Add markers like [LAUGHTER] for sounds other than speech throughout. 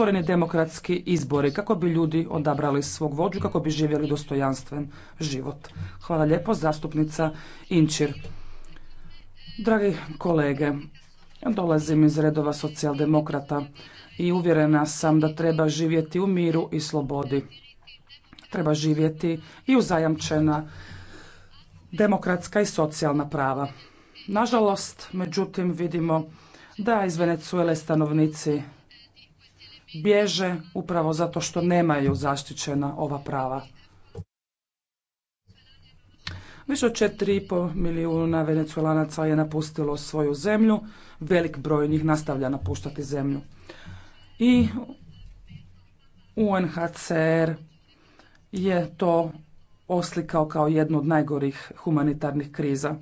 otvoreni demokratski izbori kako bi ljudi odabrali svog vođu, kako bi živjeli dostojanstven život. Hvala lijepo, zastupnica Inčir. Dragi kolege, dolazim iz redova socijaldemokrata i uvjerena sam da treba živjeti u miru i slobodi. Treba živjeti i uzajamčena demokratska i socijalna prava. Nažalost, međutim, vidimo da iz Venecuele stanovnici bježe upravo zato što nemaju zaštićena ova prava. Više od 4,5 milijuna venecuelanaca je napustilo svoju zemlju, velik broj njih nastavlja napuštati zemlju. I UNHCR je to oslikao kao jednu od najgorih humanitarnih kriza.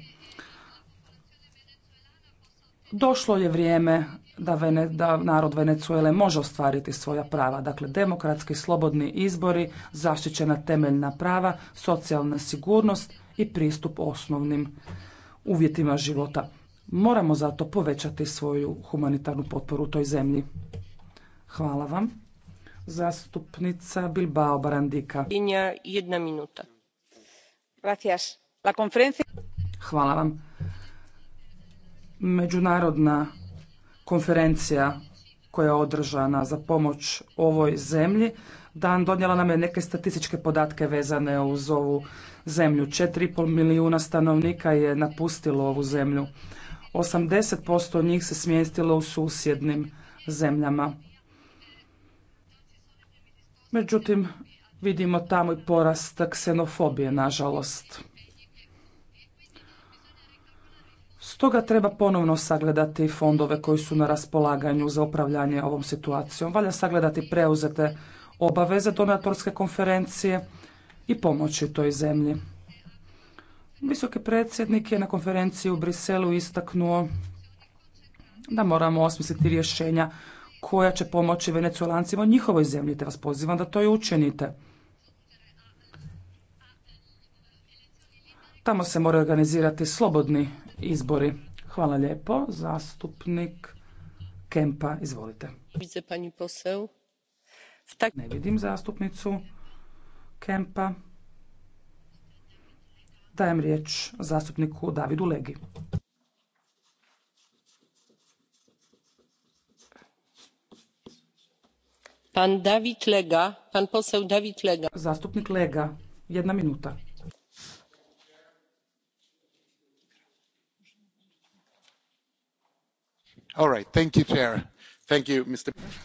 Došlo je vrijeme da, da narod Venecuele može ostvariti svoja prava. Dakle, demokratski slobodni izbori, zaštićena temeljna prava, socijalna sigurnost i pristup osnovnim uvjetima života. Moramo zato povećati svoju humanitarnu potporu u toj zemlji. Hvala vam. Zastupnica Bilbao Barandika. Jedna minuta. Hvala vam. Međunarodna konferencija koja je održana za pomoć ovoj zemlji. Dan donijela nam je neke statističke podatke vezane uz ovu zemlju. 4,5 milijuna stanovnika je napustilo ovu zemlju. 80% njih se smjestilo u susjednim zemljama. Međutim, vidimo tamo i porast ksenofobije, nažalost. Stoga treba ponovno sagledati fondove koji su na raspolaganju za upravljanje ovom situacijom. Valja sagledati preuzete obaveze donatorske konferencije i pomoći toj zemlji. Visoki predsjednik je na konferenciji u Briselu istaknuo da moramo osmisliti rješenja koja će pomoći venecolancima u njihovoj zemlji, te vas pozivam da to i učinite. Tamo se moraju organizirati slobodni izbori. Hvala lijepo. Zastupnik Kempa, izvolite. pani poseł. Ne vidim zastupnicu Kempa. Dajem riječ zastupniku Davidu Legi. Pan David Lega, pan poseł David Lega. Zastupnik Lega, jedna minuta.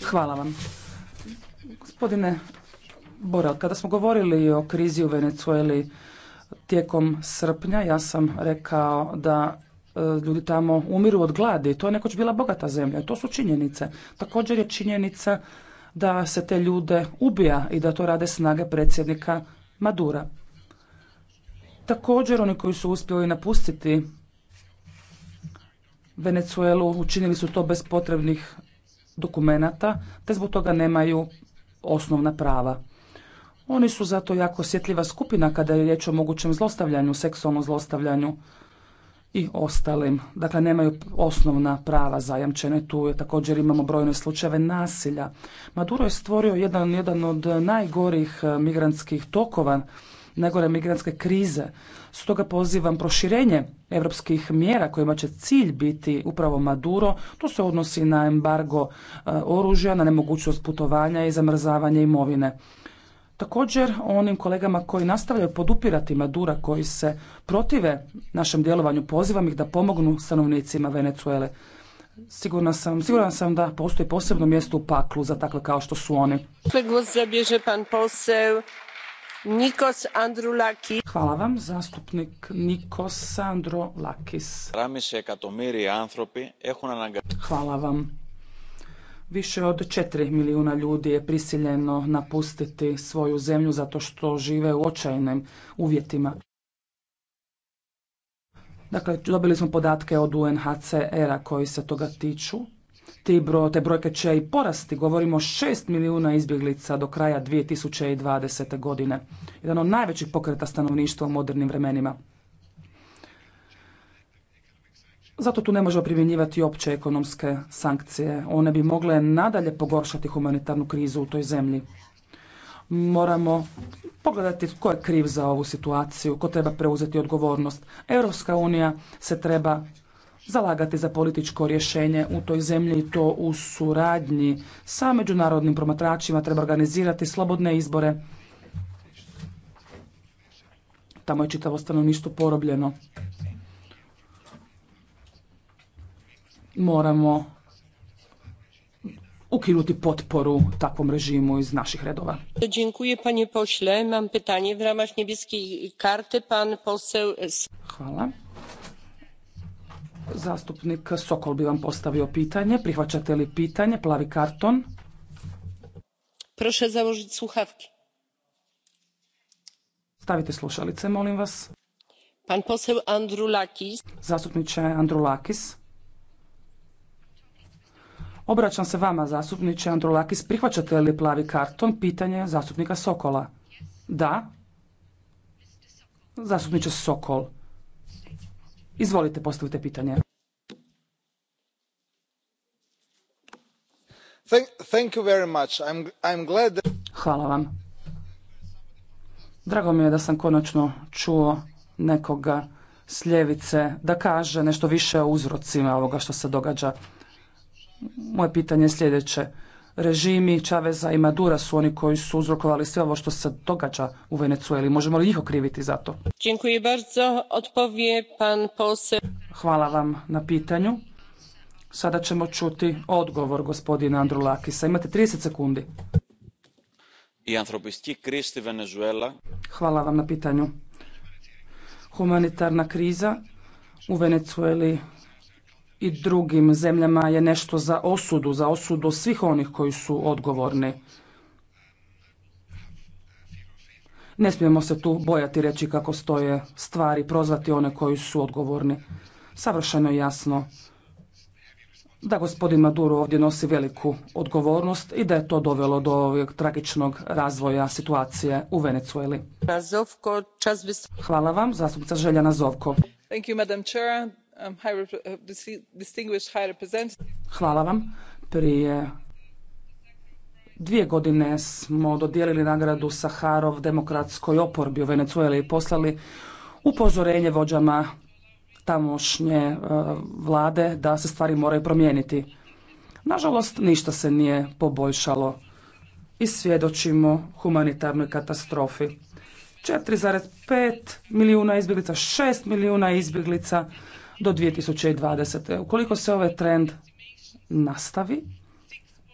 Hvala vam. Gospodine Borel, kada smo govorili o krizi u Venezueli tijekom srpnja, ja sam rekao da e, ljudi tamo umiru od gladi. To je nekoć bila bogata zemlja. To su činjenice. Također je činjenica da se te ljude ubija i da to rade snage predsjednika Madura. Također oni koji su uspjeli napustiti Venecuelu, učinili su to bez potrebnih dokumenata, te zbog toga nemaju osnovna prava. Oni su zato jako osjetljiva skupina kada je riječ o mogućem zlostavljanju, seksualnom zlostavljanju i ostalim. Dakle, nemaju osnovna prava zajamčene. Tu također imamo brojne slučajeve nasilja. Maduro je stvorio jedan, jedan od najgorih eh, migrantskih tokova najgore migrantske krize. Stoga pozivam proširenje europskih mjera kojima će cilj biti upravo Maduro. To se odnosi na embargo e, oružja, na nemogućnost putovanja i zamrzavanje imovine. Također onim kolegama koji nastavljaju podupirati Madura, koji se protive našem djelovanju, pozivam ih da pomognu stanovnicima Venecuele. Sigurna sam, siguran sam da postoji posebno mjesto u paklu za takve kao što su oni. pan posel Nikos Andrulaki. Hvala vam, zastupnik Nikos antropi. Hvala vam. Više od četiri milijuna ljudi je prisiljeno napustiti svoju zemlju zato što žive u očajnim uvjetima. Dakle, dobili smo podatke od UNHCR-a koji se toga tiču ti bro, te brojke će i porasti. Govorimo o 6 milijuna izbjeglica do kraja 2020. godine. Jedan od najvećih pokreta stanovništva u modernim vremenima. Zato tu ne možemo primjenjivati opće ekonomske sankcije. One bi mogle nadalje pogoršati humanitarnu krizu u toj zemlji. Moramo pogledati tko je kriv za ovu situaciju, ko treba preuzeti odgovornost. Europska unija se treba zalagati za političko rješenje u toj zemlji i to u suradnji sa međunarodnim promatračima. Treba organizirati slobodne izbore. Tamo je čitavo stanovništvo porobljeno. Moramo ukinuti potporu takvom režimu iz naših redova. Dziękuję panie pośle. Mam pytanie w ramach pan Hvala. Zastupnik Sokol bi vam postavio pitanje. Prihvaćate li pitanje? Plavi karton. Proše zaožiti sluhavke. Stavite slušalice, molim vas. Pan Lakis? Andrulakis. Zastupniče Andrulakis. Obraćam se vama, zastupniče Andrulakis. Prihvaćate li plavi karton? Pitanje zastupnika Sokola. Da. Zastupniče Sokol. Izvolite, postavite pitanje. Hvala vam. Drago mi je da sam konačno čuo nekoga s ljevice da kaže nešto više o uzrocima ovoga što se događa. Moje pitanje je sljedeće režimi Čaveza i Madura su oni koji su uzrokovali sve ovo što se događa u Venecueli. Možemo li ih okriviti za to? Hvala vam na pitanju. Sada ćemo čuti odgovor gospodina Lakisa, Imate 30 sekundi. Hvala vam na pitanju. Humanitarna kriza u Venecueli i drugim zemljama je nešto za osudu, za osudu svih onih koji su odgovorni. Ne smijemo se tu bojati reći kako stoje stvari, prozvati one koji su odgovorni. Savršeno je jasno da gospodin Maduro ovdje nosi veliku odgovornost i da je to dovelo do ovog tragičnog razvoja situacije u Venecueli. Hvala vam, zastupnica Željana Zovko. Thank you, Um, uh, Hvala vam. Prije dvije godine smo dodijelili nagradu Saharov demokratskoj oporbi u Venezueli i poslali upozorenje vođama tamošnje uh, vlade da se stvari moraju promijeniti. Nažalost, ništa se nije poboljšalo i svjedočimo humanitarnoj katastrofi. 4,5 milijuna izbjeglica, 6 milijuna izbjeglica, do 2020. Ukoliko se ovaj trend nastavi,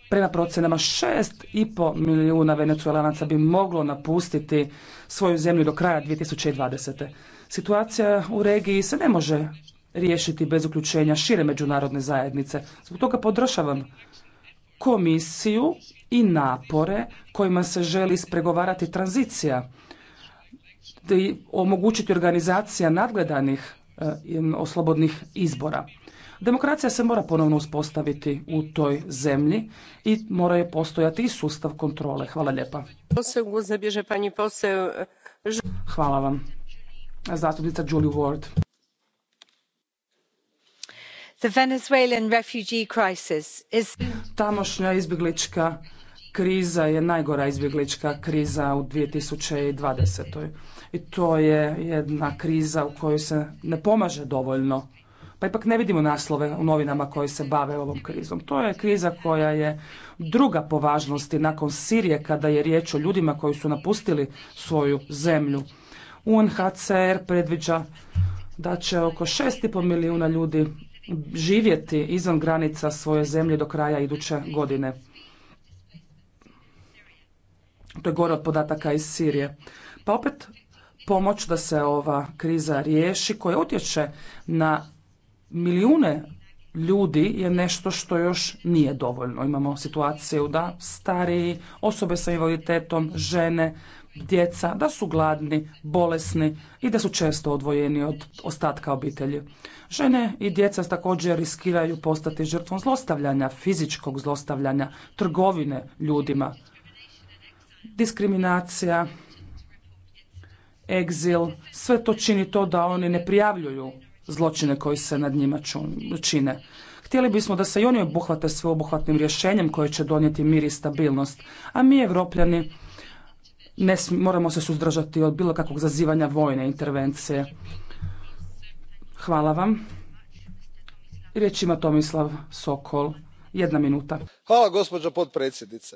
prema procenama 6,5 milijuna venecuelanaca bi moglo napustiti svoju zemlju do kraja 2020. Situacija u regiji se ne može riješiti bez uključenja šire međunarodne zajednice. Zbog toga podržavam komisiju i napore kojima se želi ispregovarati tranzicija, omogućiti organizacija nadgledanih E, o slobodnih izbora. Demokracija se mora ponovno uspostaviti u toj zemlji i mora je postojati i sustav kontrole. Hvala lijepa. Hvala vam. Zastupnica Julie Ward. The Venezuelan refugee Tamošnja izbjeglička kriza je najgora izbjeglička kriza u 2020. I to je jedna kriza u kojoj se ne pomaže dovoljno. Pa ipak ne vidimo naslove u novinama koji se bave ovom krizom. To je kriza koja je druga po važnosti nakon Sirije kada je riječ o ljudima koji su napustili svoju zemlju. UNHCR predviđa da će oko 6,5 milijuna ljudi živjeti izvan granica svoje zemlje do kraja iduće godine. To je gore od podataka iz Sirije. Pa opet pomoć da se ova kriza riješi koja utječe na milijune ljudi je nešto što još nije dovoljno. Imamo situaciju da stariji, osobe sa invaliditetom, žene, djeca, da su gladni, bolesni i da su često odvojeni od ostatka obitelji. Žene i djeca također riskiraju postati žrtvom zlostavljanja, fizičkog zlostavljanja, trgovine ljudima diskriminacija, egzil, sve to čini to da oni ne prijavljuju zločine koji se nad njima čine. Htjeli bismo da se i oni obuhvate sveobuhvatnim rješenjem koje će donijeti mir i stabilnost, a mi Evropljani ne moramo se suzdržati od bilo kakvog zazivanja vojne intervencije. Hvala vam. Riječ ima Tomislav Sokol. Jedna minuta. Hvala gospođo potpredsjednice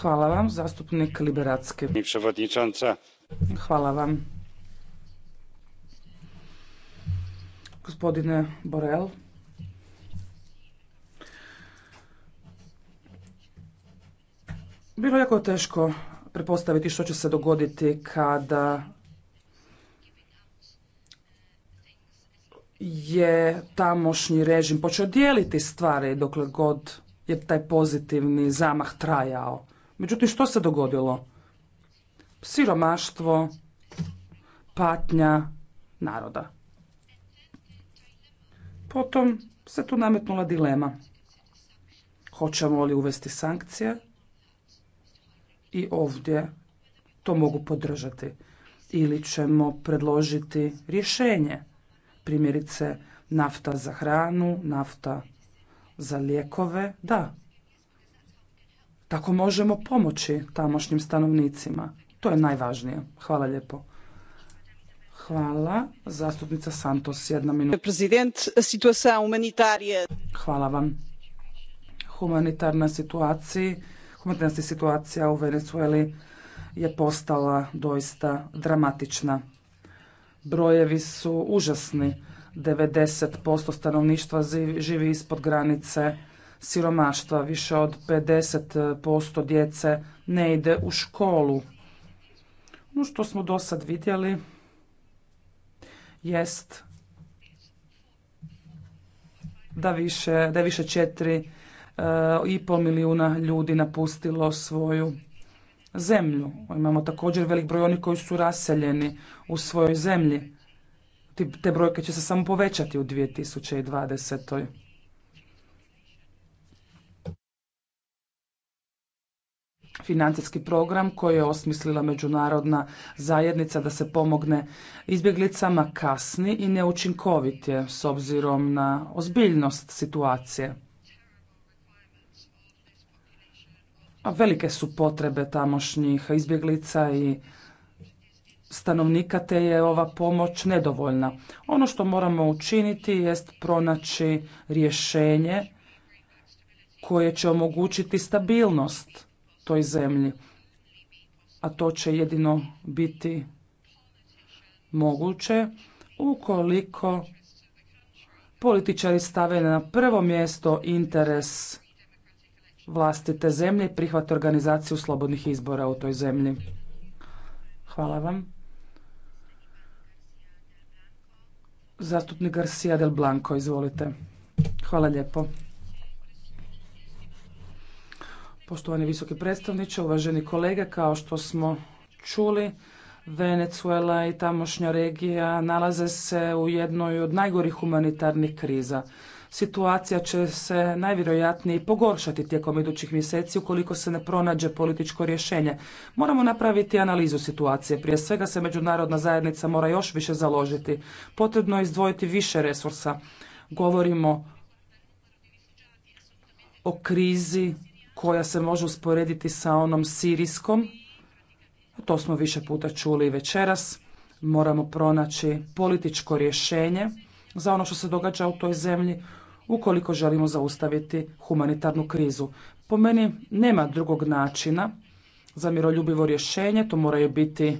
Hvala vam, zastupnik Liberacki. Hvala vam. Gospodine Borel. Bilo je jako teško prepostaviti što će se dogoditi kada je tamošnji režim počeo dijeliti stvari dokle god je taj pozitivni zamah trajao. Međutim, što se dogodilo? Siromaštvo, patnja naroda. Potom se tu nametnula dilema. Hoćemo li uvesti sankcije? I ovdje to mogu podržati. Ili ćemo predložiti rješenje. Primjerice, nafta za hranu, nafta za lijekove, da. Tako možemo pomoći tamošnjim stanovnicima. To je najvažnije. Hvala lijepo. Hvala. Zastupnica Santos, jedna minuta. Hvala vam. Humanitarna situacija, humanitarna situacija u Venezueli je postala doista dramatična. Brojevi su užasni. 90% stanovništva živi ispod granice siromaštva, više od 50% djece ne ide u školu. Ono što smo do sad vidjeli jest da, više, da je više četiri e, i pol milijuna ljudi napustilo svoju zemlju. Imamo također velik broj onih koji su raseljeni u svojoj zemlji te brojke će se samo povećati u 2020. financijski program koji je osmislila međunarodna zajednica da se pomogne izbjeglicama kasni i neučinkovit je s obzirom na ozbiljnost situacije. A velike su potrebe tamošnjih izbjeglica i stanovnika te je ova pomoć nedovoljna. Ono što moramo učiniti jest pronaći rješenje koje će omogućiti stabilnost toj zemlji. A to će jedino biti moguće ukoliko političari stave na prvo mjesto interes vlastite zemlje i prihvate organizaciju slobodnih izbora u toj zemlji. Hvala vam. Zastupnik Garcia del Blanco, izvolite. Hvala lijepo. Poštovani visoki predstavniče, uvaženi kolege, kao što smo čuli, Venezuela i tamošnja regija nalaze se u jednoj od najgorih humanitarnih kriza situacija će se najvjerojatnije pogoršati tijekom idućih mjeseci ukoliko se ne pronađe političko rješenje. Moramo napraviti analizu situacije. Prije svega se međunarodna zajednica mora još više založiti. Potrebno je izdvojiti više resursa. Govorimo o krizi koja se može usporediti sa onom sirijskom. To smo više puta čuli večeras. Moramo pronaći političko rješenje za ono što se događa u toj zemlji ukoliko želimo zaustaviti humanitarnu krizu. Po meni nema drugog načina za miroljubivo rješenje, to moraju biti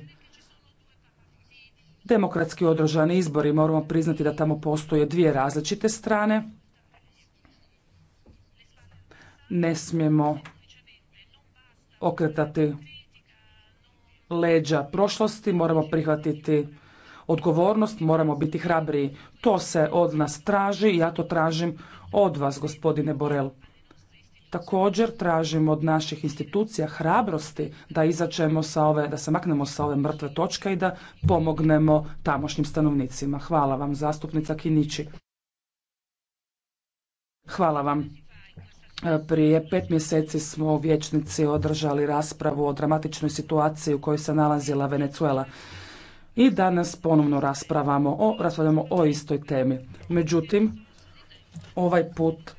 demokratski održani izbori. Moramo priznati da tamo postoje dvije različite strane. Ne smijemo okretati leđa prošlosti, moramo prihvatiti odgovornost, moramo biti hrabriji. To se od nas traži i ja to tražim od vas, gospodine Borel. Također tražim od naših institucija hrabrosti da izađemo sa ove, da se maknemo sa ove mrtve točke i da pomognemo tamošnjim stanovnicima. Hvala vam, zastupnica Kinići. Hvala vam. Prije pet mjeseci smo vječnici održali raspravu o dramatičnoj situaciji u kojoj se nalazila Venezuela i danas ponovno raspravamo o, raspravljamo o istoj temi. Međutim, ovaj put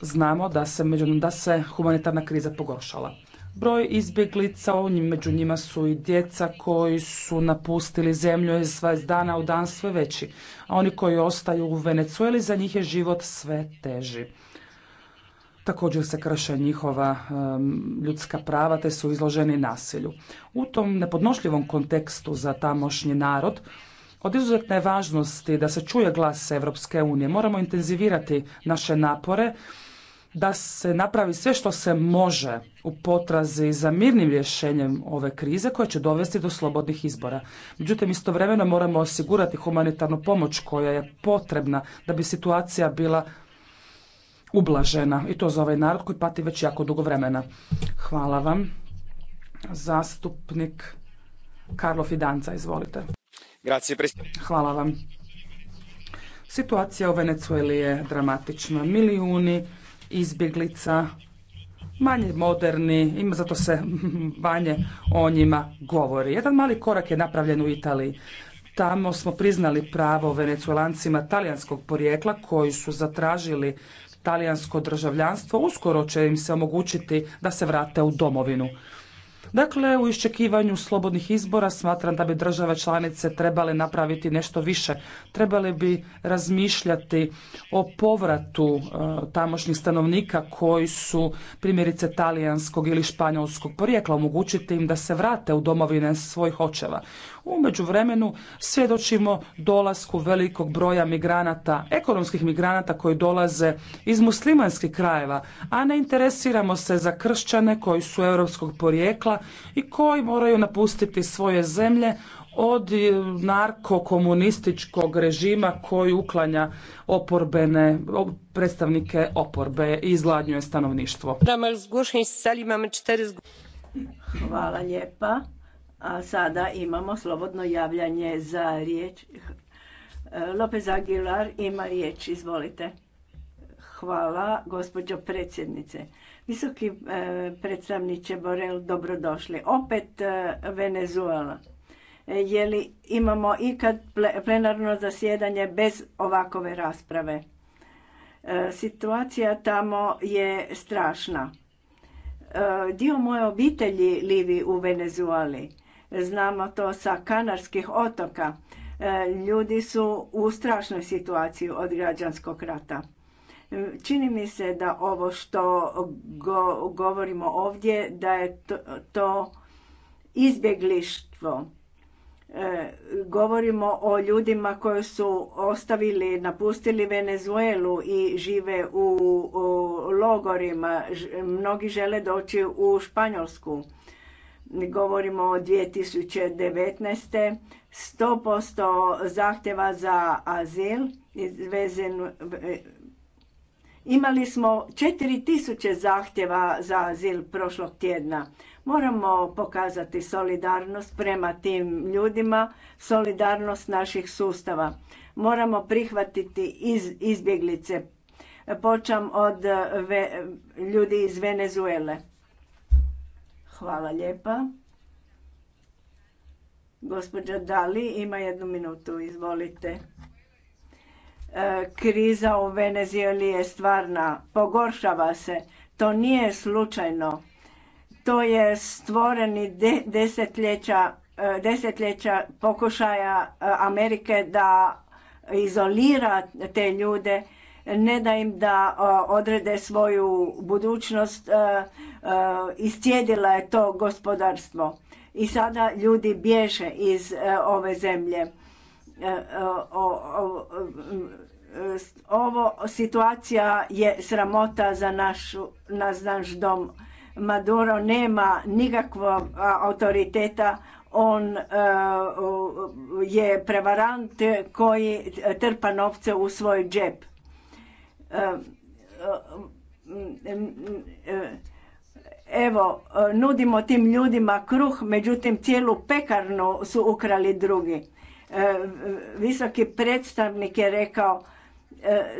znamo da se, da se humanitarna kriza pogoršala. Broj izbjeglica, među njima su i djeca koji su napustili zemlju iz sva iz dana u dan sve veći, a oni koji ostaju u Venecueli za njih je život sve teži također se krše njihova ljudska prava te su izloženi nasilju. U tom nepodnošljivom kontekstu za tamošnji narod od izuzetne važnosti da se čuje glas Evropske unije. Moramo intenzivirati naše napore da se napravi sve što se može u potrazi za mirnim rješenjem ove krize koje će dovesti do slobodnih izbora. Međutim, istovremeno moramo osigurati humanitarnu pomoć koja je potrebna da bi situacija bila ublažena i to za ovaj narod koji pati već jako dugo vremena. Hvala vam. Zastupnik Karlo Fidanca, izvolite. Hvala vam. Situacija u Venecueli je dramatična. Milijuni izbjeglica, manje moderni, ima zato se [LAUGHS] manje o njima govori. Jedan mali korak je napravljen u Italiji. Tamo smo priznali pravo venecuelancima talijanskog porijekla koji su zatražili talijansko državljanstvo, uskoro će im se omogućiti da se vrate u domovinu. Dakle, u iščekivanju slobodnih izbora smatram da bi države članice trebale napraviti nešto više. Trebali bi razmišljati o povratu e, tamošnjih stanovnika koji su primjerice talijanskog ili španjolskog porijekla, omogućiti im da se vrate u domovine svojih očeva. U međuvremenu svjedočimo dolasku velikog broja migranata, ekonomskih migranata koji dolaze iz muslimanskih krajeva, a ne interesiramo se za kršćane koji su europskog porijekla i koji moraju napustiti svoje zemlje od narkokomunističkog režima koji uklanja oporbene predstavnike oporbe i izgladnjuje stanovništvo. Hvala lijepa. A sada imamo slobodno javljanje za riječ. Lopez Aguilar ima riječ, izvolite. Hvala, gospođo predsjednice. Visoki e, predstavniče Borel, dobrodošli. Opet e, Venezuela. E, je li imamo ikad plenarno zasjedanje bez ovakove rasprave? Situacija tamo je strašna. Dio moje obitelji livi u Venezueli Znamo to sa Kanarskih otoka. E, ljudi su u strašnoj situaciji od građanskog rata. E, čini mi se da ovo što govorimo ovdje da je to, izbjeglištvo. E, govorimo o ljudima koji su ostavili, napustili Venezuelu i žive u, logorima. mnogi žele doći u Španjolsku govorimo o 2019. 100% zahtjeva za azil izvezen Imali smo 4000 zahtjeva za azil prošlog tjedna. Moramo pokazati solidarnost prema tim ljudima, solidarnost naših sustava. Moramo prihvatiti izbjeglice. Počam od ljudi iz Venezuele Hvala lijepa. Gospođa Dali ima jednu minutu, izvolite. E, kriza u Venezueli je stvarna, pogoršava se. To nije slučajno. To je stvoreni desetljeća, e, desetljeća pokušaja e, Amerike da izolira te ljude ne da im da odrede svoju budućnost, e, e, iscijedila je to gospodarstvo. I sada ljudi bježe iz e, ove zemlje. Ovo situacija je sramota za našu, naš, naš dom. Maduro nema nikakvog autoriteta, on je prevarant koji trpa novce u svoj džep Evo, ehm, ehm, ehm, nudimo tim ljudima kruh, međutim cijelu pekarnu su ukrali drugi. Visoki predstavnik je rekao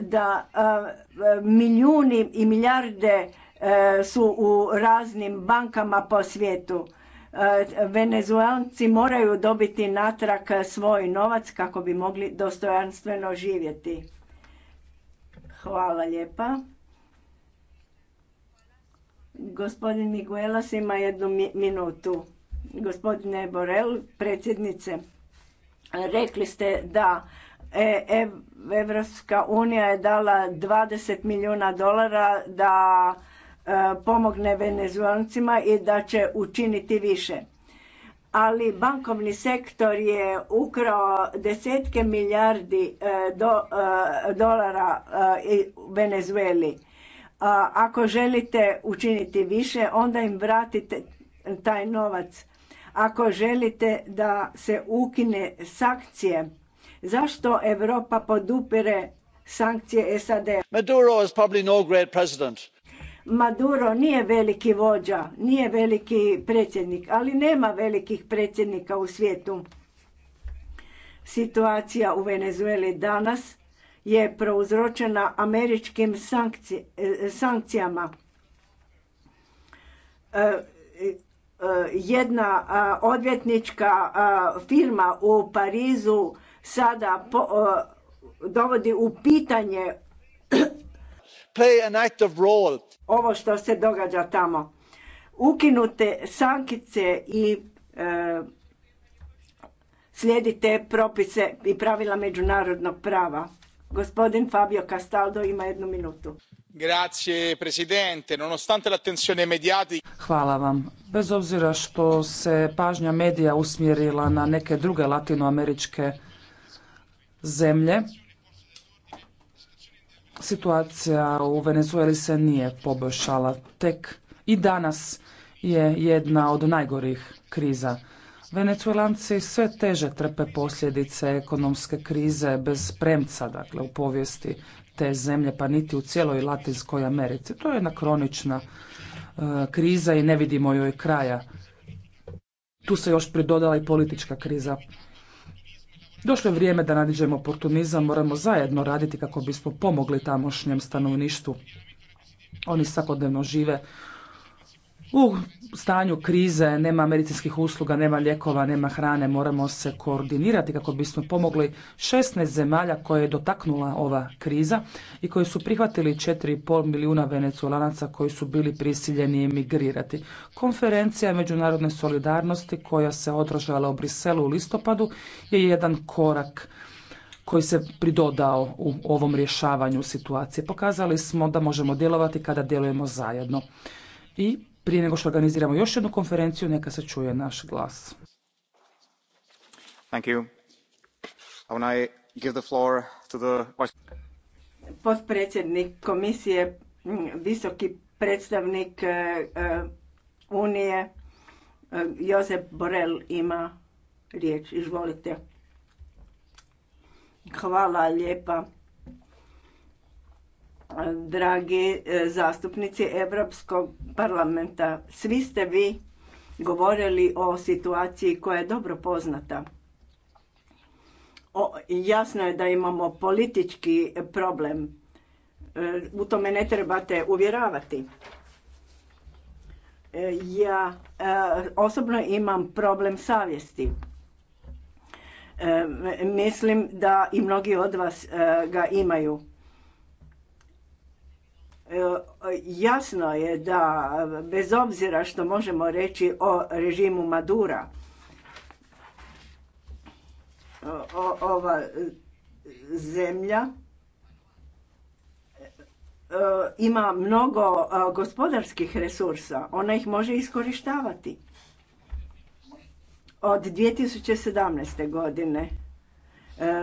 da milijuni i milijarde su u raznim bankama po svijetu. Venezuelanci moraju dobiti natrag svoj novac kako bi mogli dostojanstveno živjeti. Hvala lijepa. Gospodin Miguelas ima jednu minutu. Gospodine Borel, predsjednice, rekli ste da e, e, Evropska unija je dala 20 milijuna dolara da e, pomogne venezuelcima i da će učiniti više ali bankovni sektor je ukrao desetke milijardi e, e, dolara dolara e, Venezueli. Ako želite učiniti više, onda im vratite taj novac. Ako želite da se ukine sankcije, zašto Europa podupire sankcije SAD? Maduro is probably no great president. Maduro nije veliki vođa, nije veliki predsjednik, ali nema velikih predsjednika u svijetu. Situacija u Venezueli danas je prouzročena američkim eh, sankcijama. Eh, eh, jedna odvjetnička firma u Parizu sada dovodi u pitanje play an active role. Ovo što se događa tamo. Ukinute sankice i e, slijedite propise i pravila međunarodnog prava. Gospodin Fabio Castaldo ima jednu minutu. Grazie, presidente. Nonostante l'attenzione mediatica... Hvala vam. Bez obzira što se pažnja medija usmjerila na neke druge latinoameričke zemlje, situacija u Venezueli se nije poboljšala. Tek i danas je jedna od najgorih kriza. Venezuelanci sve teže trpe posljedice ekonomske krize bez premca, dakle u povijesti te zemlje, pa niti u cijeloj Latinskoj Americi. To je jedna kronična e, kriza i ne vidimo joj kraja. Tu se još pridodala i politička kriza. Došlo je vrijeme da nadiđemo oportunizam, moramo zajedno raditi kako bismo pomogli tamošnjem stanovništvu. Oni svakodnevno žive u stanju krize nema medicinskih usluga, nema lijekova, nema hrane, moramo se koordinirati kako bismo pomogli 16 zemalja koje je dotaknula ova kriza i koji su prihvatili 4,5 milijuna venecuelanaca koji su bili prisiljeni emigrirati. Konferencija međunarodne solidarnosti koja se održala u Briselu u listopadu je jedan korak koji se pridodao u ovom rješavanju situacije. Pokazali smo da možemo djelovati kada djelujemo zajedno. I prije nego što organiziramo još jednu konferenciju, neka se čuje naš glas. Thank you. I give the floor to the... Potpredsjednik komisije, visoki predstavnik e, e, Unije, e, Josep Borel ima riječ. Izvolite. Hvala lijepa dragi e, zastupnici Europskog parlamenta. Svi ste vi govorili o situaciji koja je dobro poznata. jasno je da imamo politički problem. E, u tome ne trebate uvjeravati. E, ja osobno imam problem savjesti. Mislim da i mnogi od vas ga imaju E, jasno je da bez obzira što možemo reći o režimu Madura, ova zemlja e, ima mnogo e, gospodarskih resursa, ona ih može iskorištavati. Od 2017. godine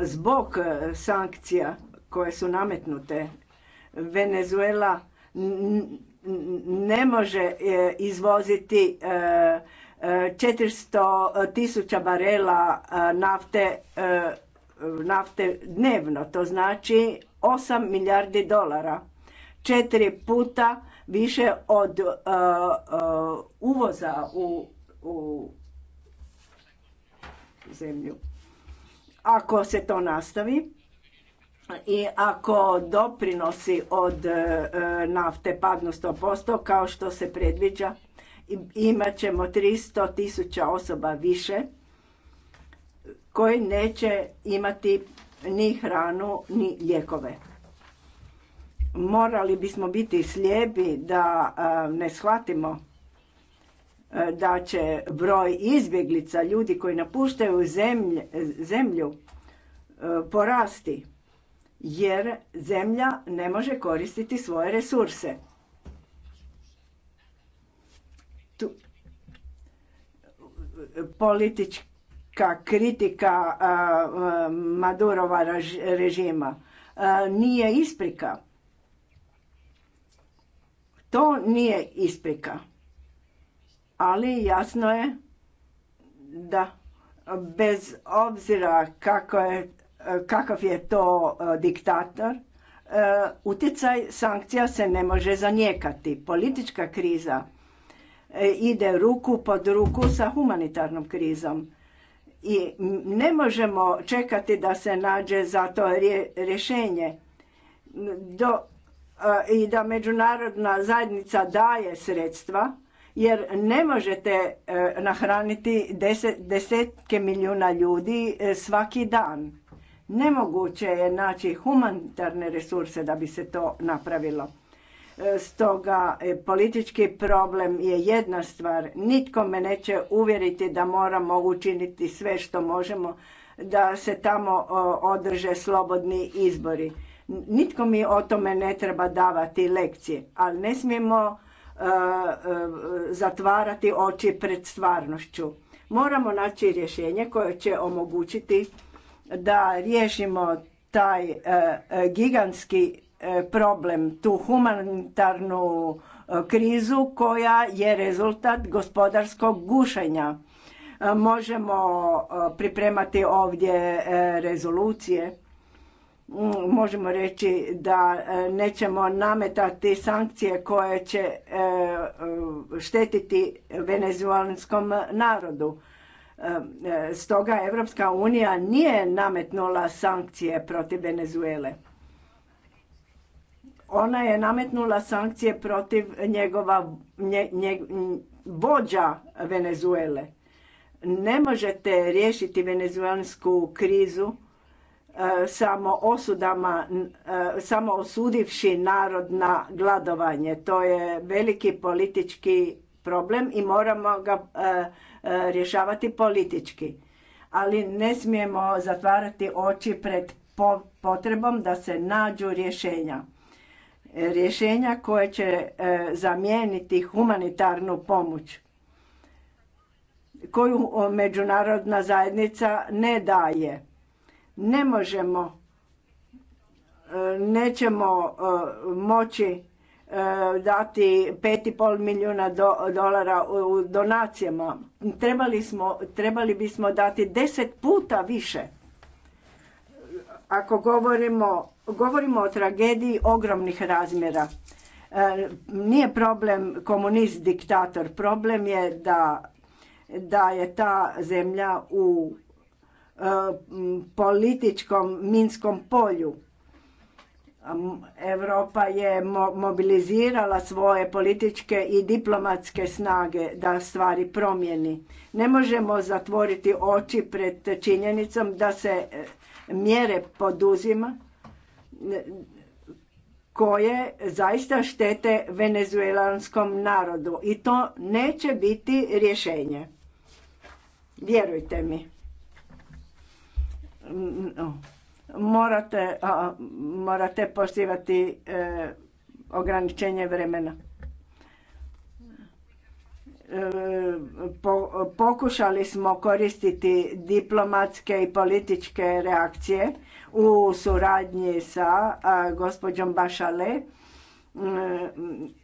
zbog sankcija koje su nametnute Venezuela ne može e, izvoziti 400 e, e, tisuća barela nafte, nafte dnevno, to znači 8 milijardi dolara. Četiri puta više od uvoza u, u zemlju. Ako se to nastavi, i ako doprinosi od e, nafte padnu 100% kao što se predviđa imat ćemo 300 tisuća osoba više koji neće imati ni hranu ni lijekove. Morali bismo biti slijepi da e, ne shvatimo e, da će broj izbjeglica ljudi koji napuštaju zemlju porasti jer zemlja ne može koristiti svoje resurse. politička kritika Madurova režima nije isprika. To nije isprika. Ali jasno je da bez obzira kako je kakav je to e, diktator, e, utjecaj sankcija se ne može zanijekati. Politička kriza e, ide ruku pod ruku sa humanitarnom krizom i ne možemo čekati da se nađe za to rješenje Do, i da međunarodna zajednica daje sredstva jer ne možete nahraniti desetke milijuna ljudi svaki dan Nemoguće je naći humanitarne resurse da bi se to napravilo. E, stoga e, politički problem je jedna stvar. Nitko me neće uvjeriti da moramo učiniti sve što možemo da se tamo održe slobodni izbori. Nitko mi o tome ne treba davati lekcije, ali ne smijemo e, zatvarati oči pred stvarnošću. Moramo naći rješenje koje će omogućiti da riješimo taj e, e, gigantski e, problem, tu humanitarnu krizu koja je rezultat gospodarskog gušenja. Možemo pripremati ovdje rezolucije, mm, možemo reći da nećemo nametati sankcije koje će štetiti venezuelanskom narodu. E, stoga Evropska unija nije nametnula sankcije protiv Venezuele. Ona je nametnula sankcije protiv njegova vođa Venezuele. Ne možete riješiti venezuelansku krizu e, samo osudama, e, samo osudivši narod na gladovanje. To je veliki politički problem i moramo ga E, rješavati politički. Ali ne smijemo zatvarati oči pred potrebom da se nađu rješenja. E, rješenja koje će e, zamijeniti humanitarnu pomoć koju međunarodna zajednica ne daje. Ne možemo, nećemo moći Eh, dati 5,5 milijuna dolara u donacijama. Trebali, smo, trebali bismo dati deset puta više. Ako govorimo, govorimo o tragediji ogromnih razmjera. Eh, nije problem komunist diktator, problem je da, da je ta zemlja u eh, političkom minskom polju Europa je mobilizirala svoje političke i diplomatske snage da stvari promijeni. Ne možemo zatvoriti oči pred činjenicom da se e, mjere poduzima koje zaista štete venezuelanskom narodu i to neće biti rješenje. Vjerujte mi. Mm, mm, oh morate, a, morate poštivati e, ograničenje vremena. E, pokušali smo koristiti diplomatske i političke reakcije u suradnji sa a, gospođom Bašale e,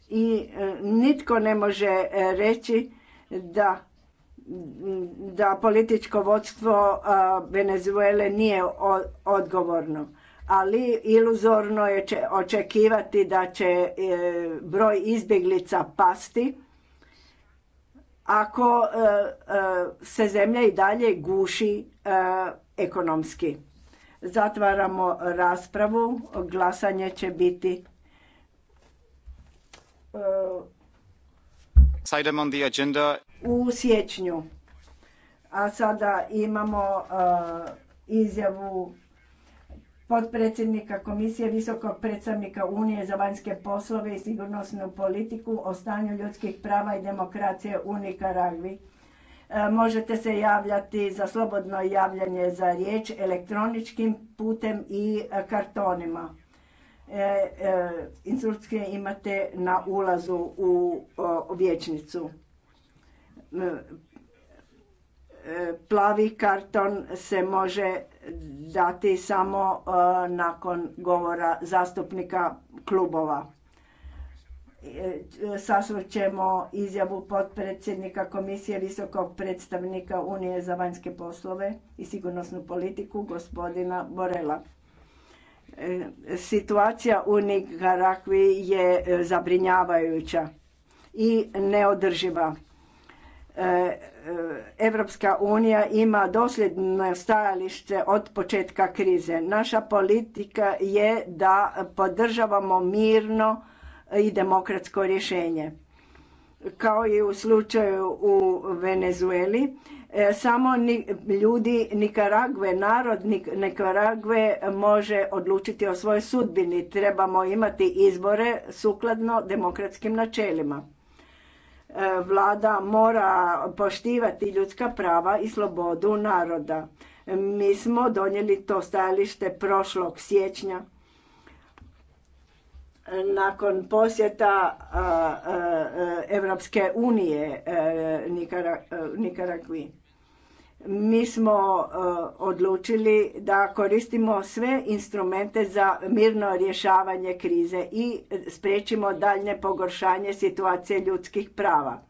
i nitko ne može reći da da političko vodstvo Venezuele nije odgovorno, ali iluzorno je očekivati da će e, broj izbjeglica pasti ako e, e, se zemlja i dalje guši ekonomski. Zatvaramo raspravu, glasanje će biti on the u siječnju. A sada imamo e, izjavu potpredsjednika Komisije Visokog predstavnika Unije za vanjske poslove i sigurnosnu politiku o stanju ljudskih prava i demokracije u Nikaragvi. E, možete se javljati za slobodno javljanje za riječ elektroničkim putem i kartonima. E, instrukcije imate na ulazu u vječnicu plavi karton se može dati samo e, nakon govora zastupnika klubova. E, Saslućemo ćemo izjavu potpredsjednika Komisije visokog predstavnika Unije za vanjske poslove i sigurnosnu politiku gospodina Borela. E, situacija u je zabrinjavajuća i neodrživa Europska e, unija ima dosljedno stajalište od početka krize. Naša politika je da podržavamo mirno i demokratsko rješenje. Kao i u slučaju u Venezueli, e, samo ljudi Nikaragve, narod Nikaragve može odlučiti o svojoj sudbini. Trebamo imati izbore sukladno demokratskim načelima E, vlada mora poštivati ljudska prava i slobodu naroda. Mi smo donijeli to stajalište prošlog siječnja nakon posjeta Europske e, e, unije Nikaragvi mi smo e, odlučili da koristimo sve instrumente za mirno rješavanje krize i spriječimo daljnje pogoršanje situacije ljudskih prava.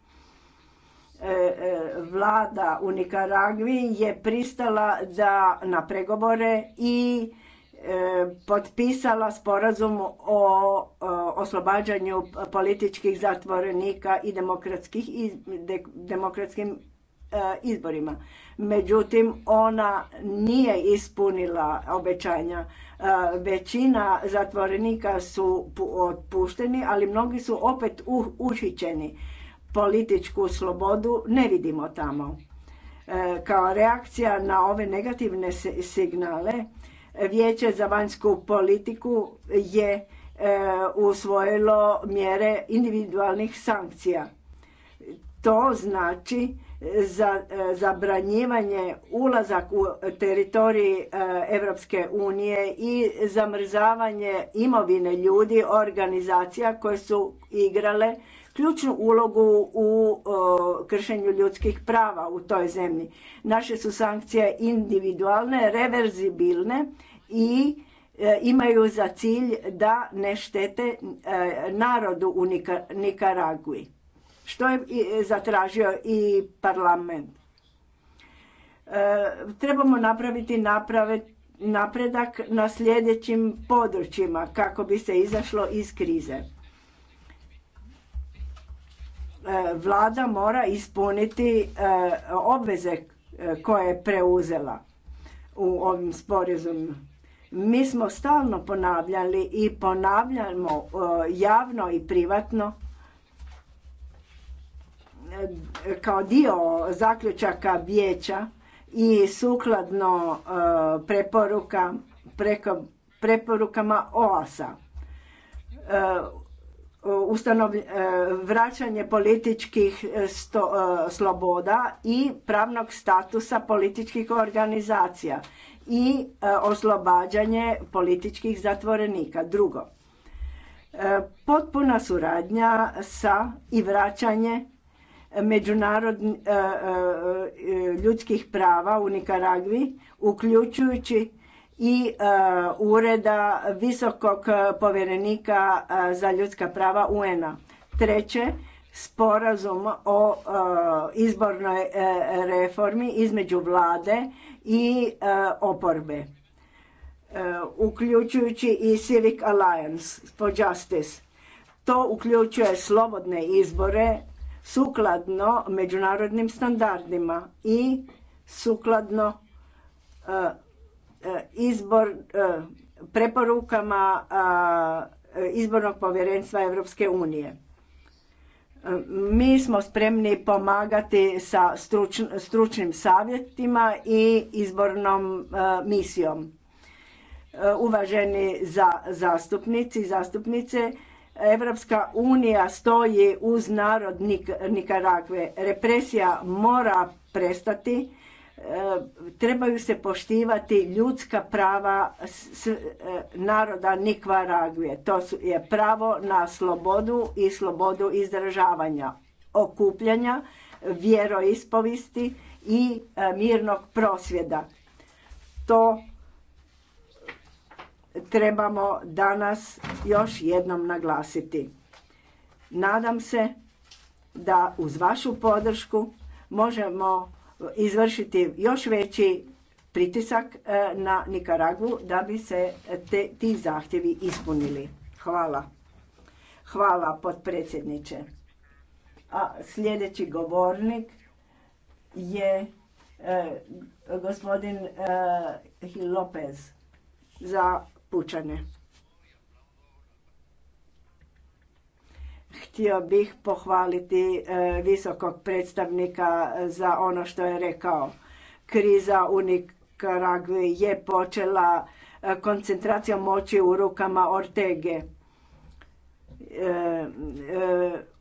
E, e, Vlada u Nikaragvi je pristala da na pregovore i potpisala sporazum o oslobađanju političkih zatvorenika i demokratskih i demokratskim E, izborima. Međutim, ona nije ispunila obećanja. E, većina zatvorenika su otpušteni, ali mnogi su opet ušićeni. Političku slobodu ne vidimo tamo. E, kao reakcija na ove negativne signale, Vijeće za vanjsku politiku je usvojilo mjere individualnih sankcija. To znači za e, zabranjivanje ulazak u teritorij Europske unije i zamrzavanje imovine ljudi, organizacija koje su igrale ključnu ulogu u kršenju ljudskih prava u toj zemlji. Naše su sankcije individualne, reverzibilne i e, imaju za cilj da ne štete e, narodu u Nikaragui što je e, zatražio i parlament. E, trebamo napraviti napredak na sljedećim područjima kako bi se izašlo iz krize. E, vlada mora ispuniti obveze koje je preuzela u ovim sporazumima. Mi smo stalno ponavljali i ponavljamo javno i privatno kao dio zaključaka vijeća i sukladno e, preporuka, preko, preporukama OAS-a e, e, vraćanje političkih sloboda i pravnog statusa političkih organizacija i oslobađanje političkih zatvorenika. Drugo, potpuna suradnja sa i vraćanje međunarodnih e, e, e, ljudskih prava u Nikaragvi, uključujući i ureda visokog povjerenika za ljudska prava UN-a. Treće, sporazum o izbornoj reformi između vlade i oporbe, uključujući i Civic Alliance for Justice. To uključuje slobodne izbore sukladno međunarodnim standardima i sukladno e, e, izbor e, preporukama izbornog povjerenstva Europske unije. Mi smo spremni pomagati sa stručnim savjetima i izbornom misijom. Uvaženi za zastupnici i zastupnice, Evropska unija stoji uz narod Nikaragve. Represija mora prestati, e, trebaju se poštivati ljudska prava e, naroda Nikaragve. To je pravo na slobodu i slobodu izražavanja, okupljanja, vjeroispovisti i e, mirnog prosvjeda. To trebamo danas još jednom naglasiti. Nadam se da uz vašu podršku možemo izvršiti još veći pritisak e, na Nikaragu da bi se te, ti zahtjevi ispunili. Hvala. Hvala potpredsjedniče. A sljedeći govornik je e, gospodin e, Lopez za pučane. Htio bih pohvaliti e, visokog predstavnika e, za ono što je rekao. Kriza u Nikaragvi je počela e, koncentracijom moći u rukama Ortege.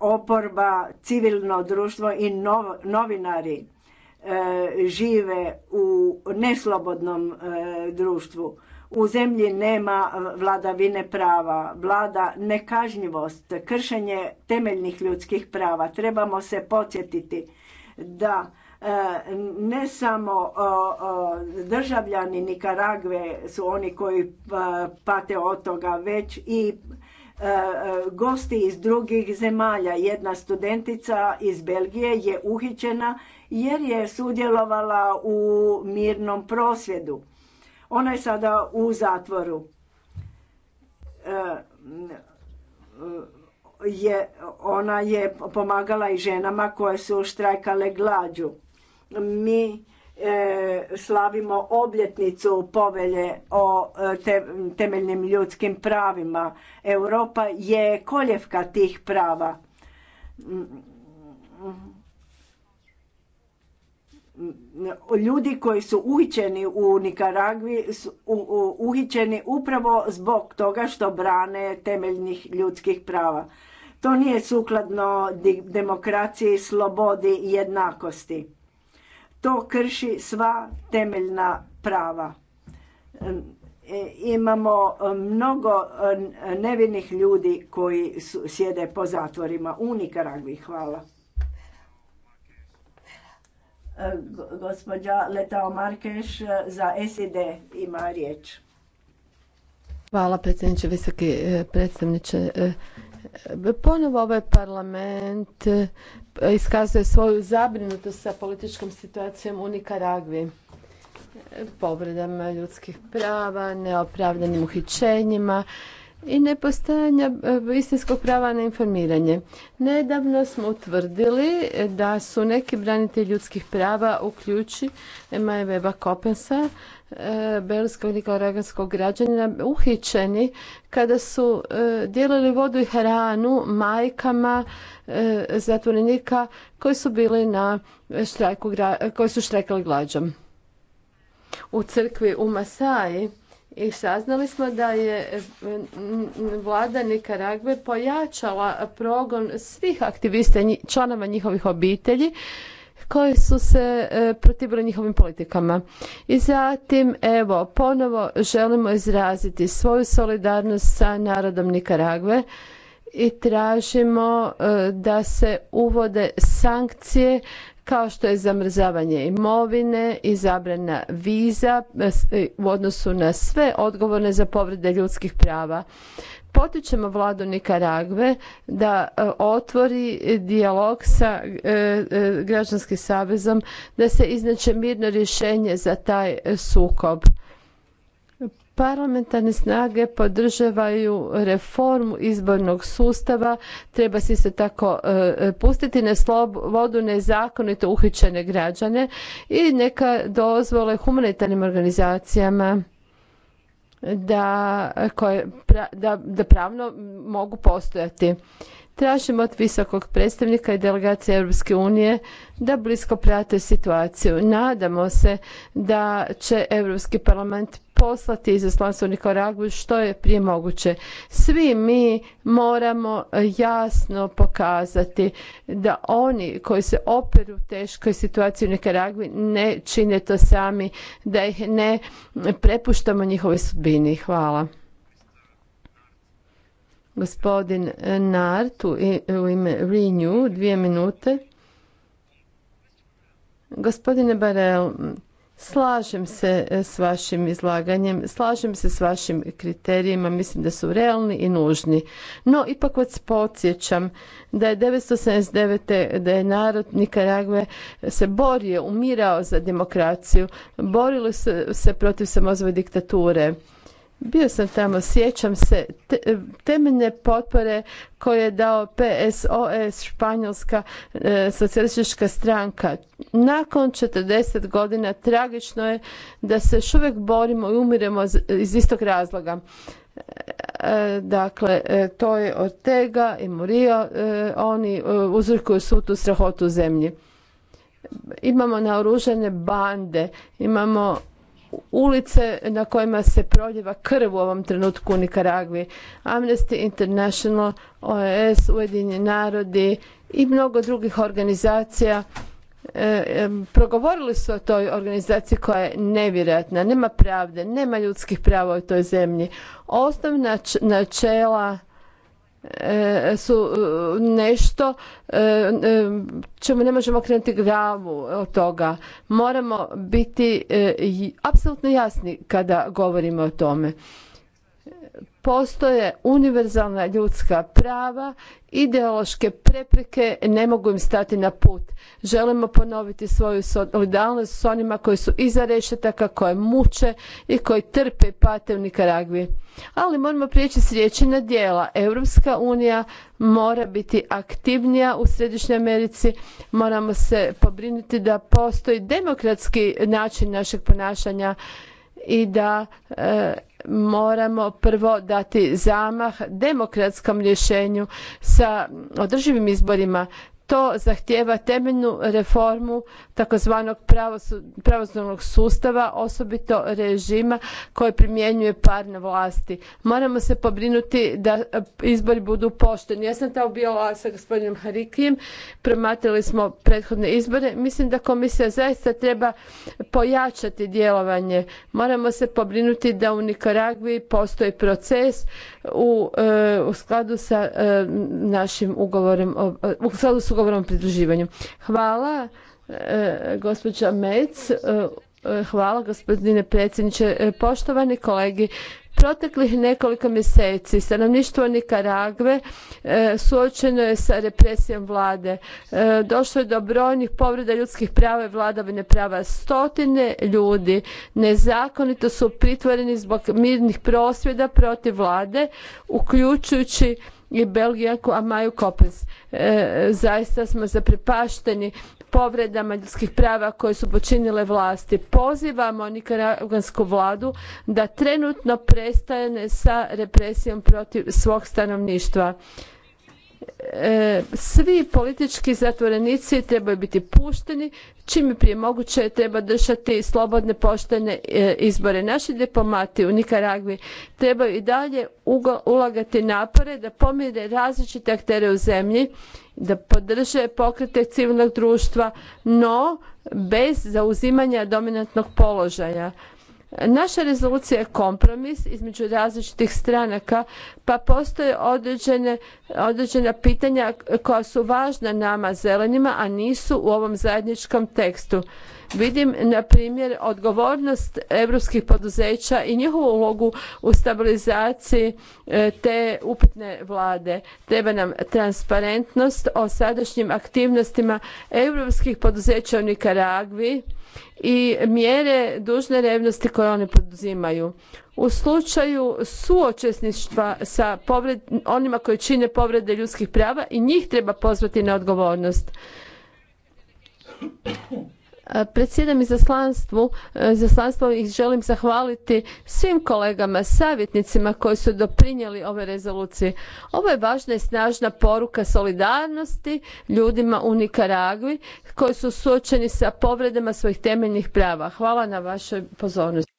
oporba, civilno društvo i novinari žive u neslobodnom društvu. U zemlji nema e, vladavine prava, vlada nekažnjivost, kršenje temeljnih ljudskih prava. Trebamo se podsjetiti da e, ne samo državljani Nikaragve su oni koji e, pate od toga, već i gosti iz drugih zemalja. Jedna studentica iz Belgije je uhićena jer je sudjelovala u mirnom prosvjedu. Ona je sada u zatvoru. E, je, ona je pomagala i ženama koje su štrajkale glađu. Mi e, slavimo obljetnicu povelje o e, temeljnim ljudskim pravima. Europa je koljevka tih prava ljudi koji su uhićeni u Nikaragvi su uhićeni upravo zbog toga što brane temeljnih ljudskih prava. To nije sukladno demokraciji, slobodi i jednakosti. To krši sva temeljna prava. E, imamo e, mnogo e, nevinih ljudi koji sjede po zatvorima u Nikaragvi. Hvala. E, gospođa Letao Markeš e, za SID ima riječ. Hvala predsjedniče, visoki e, predstavniče. Ponovo ovaj parlament iskazuje svoju zabrinutost sa političkom situacijom u Nikaragvi povredama ljudskih prava, neopravdanim uhićenjima i nepostajanja e, istinskog prava na informiranje. Nedavno smo utvrdili da su neki branitelji ljudskih prava uključi Maja Weba e. Kopensa, e, belskog nikaraganskog građanina, uhićeni kada su dijelili vodu i hranu majkama zatvorenika koji su bili na štrajku, koji su štrajkali glađom. U crkvi u Masaji i saznali smo da je mm, vlada Nikaragve pojačala progon svih aktivista i članova njihovih obitelji koji su se e, protivili njihovim politikama. I zatim, evo, ponovo želimo izraziti svoju solidarnost sa narodom Nikaragve i tražimo e, da se uvode sankcije kao što je zamrzavanje imovine i zabrana viza e, u odnosu na sve odgovorne za povrede ljudskih prava. Potičemo vladu Nikaragve da e, otvori dijalog sa e, građanskim savezom da se iznače mirno rješenje za taj sukob parlamentarne snage podržavaju reformu izbornog sustava treba se tako e, pustiti na slobodu nezakonito uhićene građane i neka dozvole humanitarnim organizacijama da, koje, da, da pravno mogu postojati Tražimo od visokog predstavnika i delegacije Europske unije da blisko prate situaciju. Nadamo se da će Europski parlament poslati izaslanstvo Nikaragu što je prije moguće. Svi mi moramo jasno pokazati da oni koji se operu teškoj situaciji u Nikaragvi ne čine to sami, da ih ne prepuštamo njihovoj sudbini. Hvala. Gospodin Nart u ime Renew, dvije minute. Gospodine Barel, slažem se e, s vašim izlaganjem, slažem se s vašim kriterijima, mislim da su realni i nužni. No, ipak vas podsjećam da je 979. da je narod Nikaragve se borio, umirao za demokraciju, borilo se, se protiv samozove diktature bio sam tamo, sjećam se, temeljne potpore koje je dao PSOS, Španjolska e, socijalistička stranka. Nakon 40 godina tragično je da se još uvijek borimo i umiremo iz istog razloga. E, dakle, e, to je Ortega i Murillo, oni uzrokuju su tu strahotu u zemlji. Imamo naoružene bande, imamo ulice na kojima se proljeva krv u ovom trenutku u Nikaragvi. Amnesty International, OAS, e Ujedinjeni narodi i mnogo drugih organizacija e, e, progovorili su o toj organizaciji koja je nevjerojatna, nema pravde, nema ljudskih prava u toj zemlji. Osnovna načela E, su e, nešto e, čemu ne možemo krenuti gravu od toga. Moramo biti apsolutno jasni kada govorimo o tome postoje univerzalna ljudska prava, ideološke prepreke ne mogu im stati na put. Želimo ponoviti svoju solidarnost s onima koji su iza rešetaka, koje muče i koji trpe pate u Nikaragvi. Ali moramo prijeći s riječi na dijela. Europska unija mora biti aktivnija u Središnjoj Americi. Moramo se pobrinuti da postoji demokratski način našeg ponašanja i da e, moramo prvo dati zamah demokratskom rješenju sa održivim izborima to zahtjeva temeljnu reformu takozvanog pravosudnog sustava, osobito režima koji primjenjuje par na vlasti. Moramo se pobrinuti da izbori budu pošteni. Ja sam tamo bila sa gospodinom Harikijem, promatrali smo prethodne izbore. Mislim da komisija zaista treba pojačati djelovanje. Moramo se pobrinuti da u Nikaragvi postoji proces u, e, u skladu sa e, našim ugovorom, u skladu s ugovorom o pridruživanju. Hvala e, gospođa Mec, hvala gospodine predsjedniče, poštovani kolegi Proteklih nekoliko mjeseci stanovništvo Nikaragve e, suočeno je sa represijom vlade. E, došlo je do brojnih povreda ljudskih prava i vladavine prava. Stotine ljudi nezakonito su pritvoreni zbog mirnih prosvjeda protiv vlade, uključujući i Belgijaku a Kopens. E, zaista smo zaprepašteni povredama ljudskih prava koje su počinile vlasti. Pozivamo Nikaragansku vladu da trenutno prestane sa represijom protiv svog stanovništva. E, svi politički zatvorenici trebaju biti pušteni, čim je prije moguće treba držati slobodne poštene e, izbore. Naši diplomati u Nikaragvi trebaju i dalje ulagati napore da pomire različite aktere u zemlji, da podrže pokrete civilnog društva, no bez zauzimanja dominantnog položaja. Naša rezolucija je kompromis između različitih stranaka, pa postoje određene, određena pitanja koja su važna nama zelenima, a nisu u ovom zajedničkom tekstu. Vidim, na primjer, odgovornost europskih poduzeća i njihovu ulogu u stabilizaciji e, te upitne vlade. Treba nam transparentnost o sadašnjim aktivnostima europskih poduzeća u Nikaragvi i mjere dužne revnosti koje oni poduzimaju. U slučaju suočesništva sa onima koji čine povrede ljudskih prava i njih treba pozvati na odgovornost. Predsjedam izaslanstvu, e, izaslanstvom ih želim zahvaliti svim kolegama, savjetnicima koji su doprinijeli ove rezolucije. Ovo je važna i snažna poruka solidarnosti ljudima u Nikaragvi koji su suočeni sa povredama svojih temeljnih prava. Hvala na vašoj pozornosti.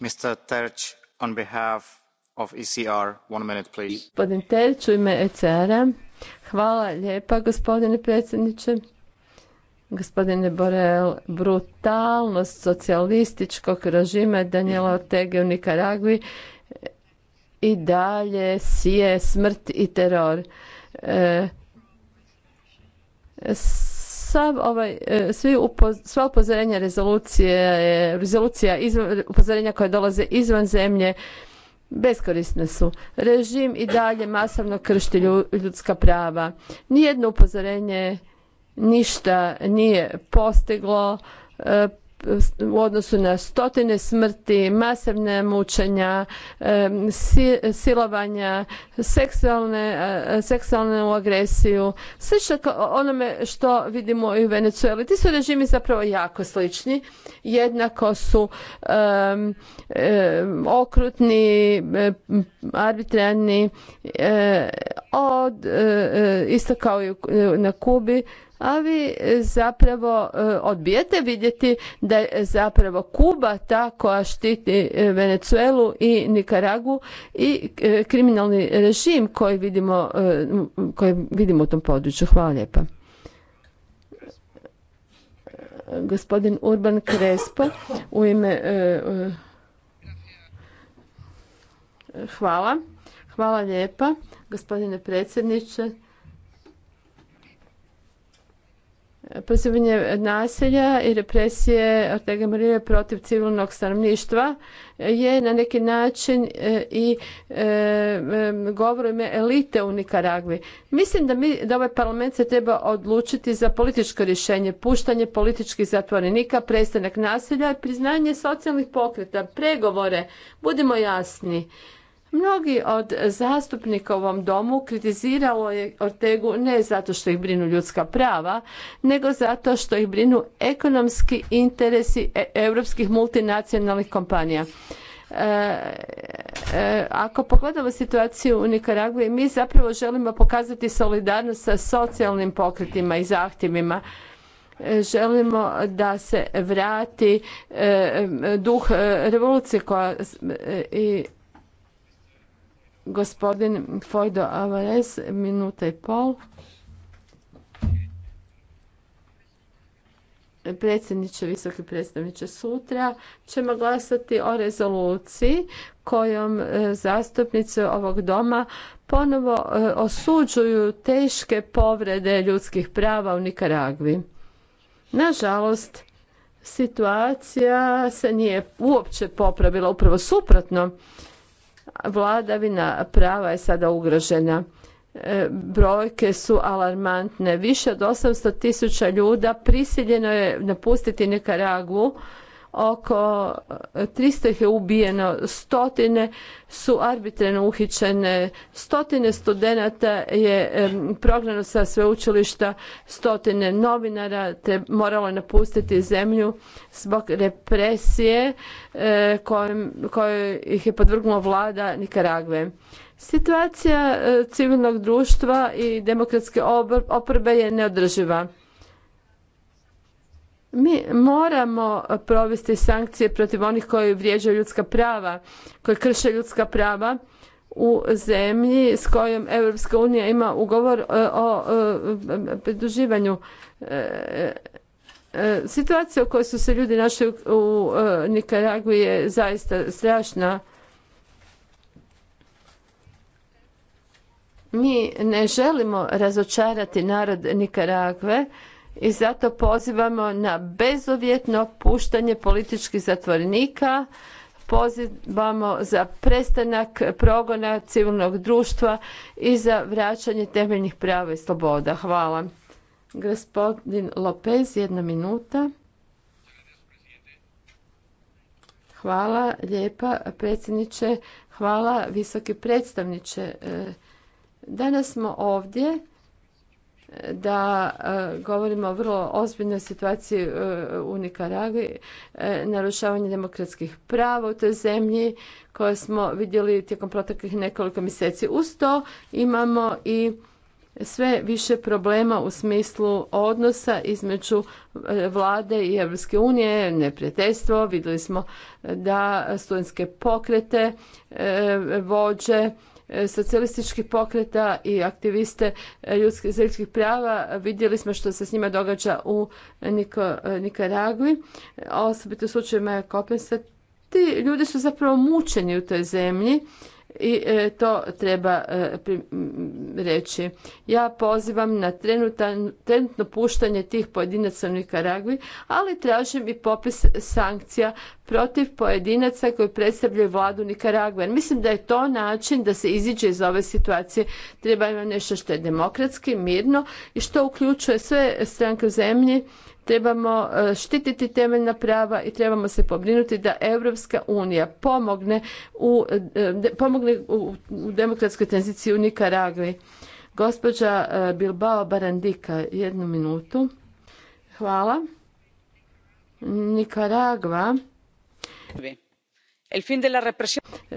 Mr. Terč, on behalf of ECR, one minute, please. Gospodin Terč, u ime ECR-a. Hvala lijepa, gospodine predsjedniče. Gospodine Borel, brutalnost socijalističkog režima Daniela Ortega u Nikaragvi i dalje sije smrt i teror. E, ovaj, e, svi sva upozorenja rezolucije, rezolucija upozorenja koje dolaze izvan zemlje beskorisne su. Režim i dalje masovno kršti ljudska prava. Nijedno upozorenje ništa nije postiglo e, u odnosu na stotine smrti, masovne mučenja, e, silovanja, seksualne, e, seksualnu agresiju, slično onome što vidimo i u Venezueli. Ti su režimi zapravo jako slični, jednako su okrutni, um, arbitrarni, od, isto kao i na Kubi a vi e, zapravo e, odbijete vidjeti da je e, zapravo Kuba ta koja štiti Venecuelu i Nikaragu i kriminalni režim koji vidimo, koji vidimo u tom području. Hvala lijepa. Gospodin Urban Krespo u ime Hvala. Hvala lijepa gospodine predsjedniče. pozivanje nasilja i represije Ortega Marije protiv civilnog stanovništva je na neki način e, i e, govor elite u Nikaragvi. Mislim da, mi, da ovaj parlament se treba odlučiti za političko rješenje, puštanje političkih zatvorenika, prestanak nasilja i priznanje socijalnih pokreta, pregovore. Budimo jasni Mnogi od zastupnika u ovom domu kritiziralo je Ortegu ne zato što ih brinu ljudska prava, nego zato što ih brinu ekonomski interesi e- europskih multinacionalnih kompanija. E, e, ako pogledamo situaciju u Nikaragvi, mi zapravo želimo pokazati solidarnost sa socijalnim pokretima i zahtjevima želimo da se vrati duh revolucije koja i Gospodin Fojdo Avares minuta i pol. predsjedniče, visoki predstavniče sutra ćemo glasati o rezoluciji kojom e, zastupnici ovog doma ponovo e, osuđuju teške povrede ljudskih prava u Nikaragvi. Nažalost, situacija se nije uopće popravila, upravo suprotno. Vladavina prava je sada ugrožena. E, brojke su alarmantne. Više od 800 tisuća ljuda prisiljeno je napustiti Nikaragu oko 300 ih je ubijeno, stotine su arbitreno uhićene, stotine studenata je prognano sa sveučilišta, stotine novinara te moralo napustiti zemlju zbog represije e, kojoj ih je podvrgnula vlada Nikaragve. Situacija e, civilnog društva i demokratske oporbe je neodrživa mi moramo provesti sankcije protiv onih koji vrijeđaju ljudska prava, koji krše ljudska prava u zemlji s kojom Europska unija ima ugovor e, o e, pridruživanju. E, situacija u kojoj su se ljudi našli u Nikaragu je zaista strašna. Mi ne želimo razočarati narod Nikaragve, i zato pozivamo na bezuvjetno puštanje političkih zatvorenika pozivamo za prestanak progona civilnog društva i za vraćanje temeljnih prava i sloboda. Hvala. Gospodin Lopez, jedna minuta. Hvala lijepa predsjedniče, hvala visoki predstavniče. E, danas smo ovdje da e, govorimo o vrlo ozbiljnoj situaciji e, u Nikaragui, e, narušavanje demokratskih prava u toj zemlji koje smo vidjeli tijekom proteklih nekoliko mjeseci. Uz to imamo i sve više problema u smislu odnosa između vlade i Europske unije, neprijateljstvo, vidjeli smo da studentske pokrete vođe E, socijalističkih pokreta i aktiviste e, ljudskih ljudskih prava. Vidjeli smo što se s njima događa u e, Nikaragvi, osobito u Maja Kopensa. Ti ljudi su zapravo mučeni u toj zemlji i e, to treba e, reći. Ja pozivam na trenutno puštanje tih pojedinaca u Nikaragvi, ali tražim i popis sankcija protiv pojedinaca koji predstavljaju vladu Nikaragve. Mislim da je to način da se iziđe iz ove situacije. Treba imati nešto što je demokratski, mirno i što uključuje sve stranke u zemlji trebamo e, štititi temeljna prava i trebamo se pobrinuti da Europska unija pomogne u, e, pomogne u, demokratskoj tranziciji u Nikaragvi. Gospođa e, Bilbao Barandika, jednu minutu. Hvala. Nikaragva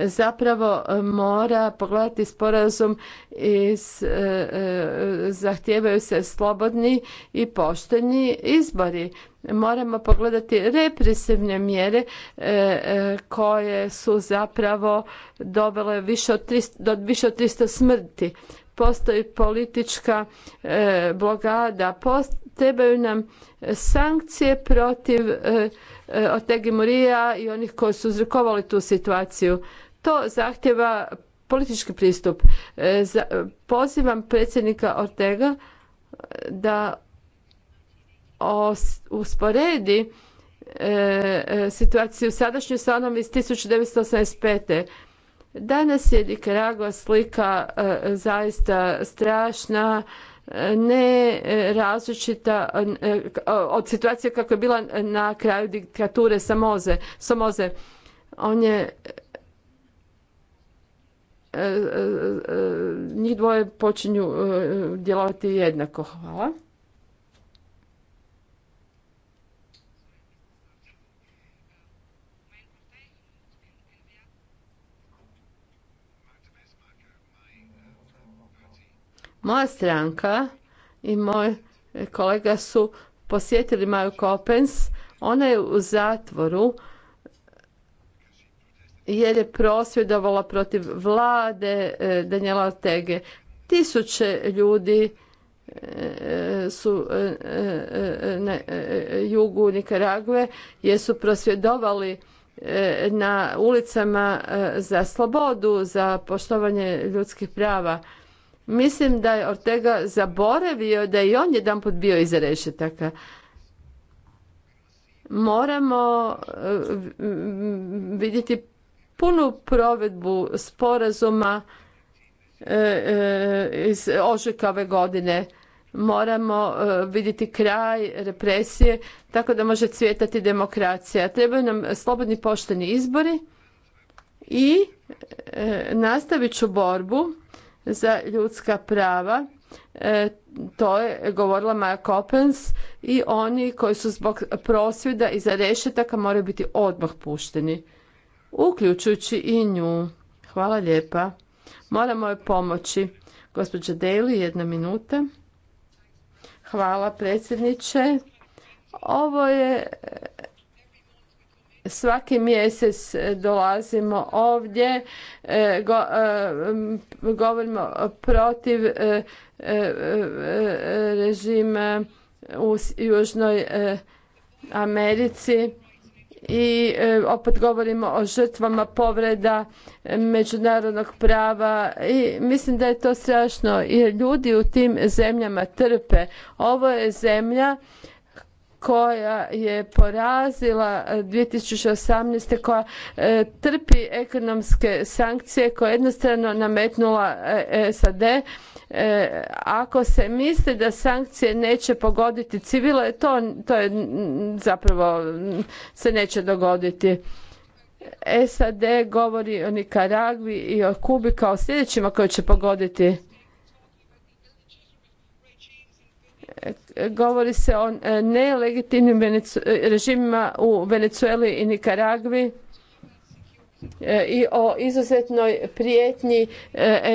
zapravo e, mora pogledati sporazum i e, e, zahtijevaju se slobodni i pošteni izbori. Moramo pogledati represivne mjere koje su zapravo dovele do više od 300 smrti. Postoji politička blogada, trebaju nam sankcije protiv Eh, od Murija i onih koji su uzrokovali tu situaciju. To zahtjeva politički pristup. Eh, pozivam predsjednika Ortega eh, da usporedi situaciju sadašnju sa onom iz 1985. Danas je Nikaragua slika zaista strašna ne e, različita e, e, od situacije kako je bila na kraju diktature Samoze. Samoze. On je njih dvoje počinju djelovati jednako. Hvala. Moja stranka i moj kolega su posjetili Maju Kopens. Ona je u zatvoru jer je prosvjedovala protiv vlade e, Daniela Ortega. Tisuće ljudi e, su e, na jugu Nikaragve jer su prosvjedovali na ulicama za slobodu, za poštovanje ljudskih prava. Mislim da je Ortega zaboravio da je i on jedan put bio iza rešetaka. Moramo eh, vidjeti punu provedbu sporazuma eh, eh, iz ožujka ove godine. Moramo vidjeti kraj represije tako da može cvjetati demokracija. Trebaju nam slobodni pošteni izbori i nastavit ću borbu za ljudska prava. E, to je govorila Maja Kopens i oni koji su zbog prosvjeda za rešetaka moraju biti odmah pušteni, uključujući i nju. Hvala lijepa. Moramo joj pomoći. Gospođa Daly, jedna minuta. Hvala predsjedniče. Ovo je svaki mjesec e, dolazimo ovdje, e, e, govorimo protiv režima u Južnoj Americi i opet govorimo o žrtvama povreda međunarodnog prava i mislim da je to strašno jer ljudi u tim zemljama trpe. Ovo je zemlja koja je porazila 2018. E, koja e, trpi ekonomske sankcije koje je jednostrano nametnula e, SAD. Ako se misli da sankcije neće pogoditi civile, to, to je zapravo se neće dogoditi. SAD govori o Nikaragvi i o Kubi kao sljedećima koji će pogoditi govori se o e, nelegitimnim e, režimima u Venecueli i Nikaragvi e, i o izuzetnoj prijetnji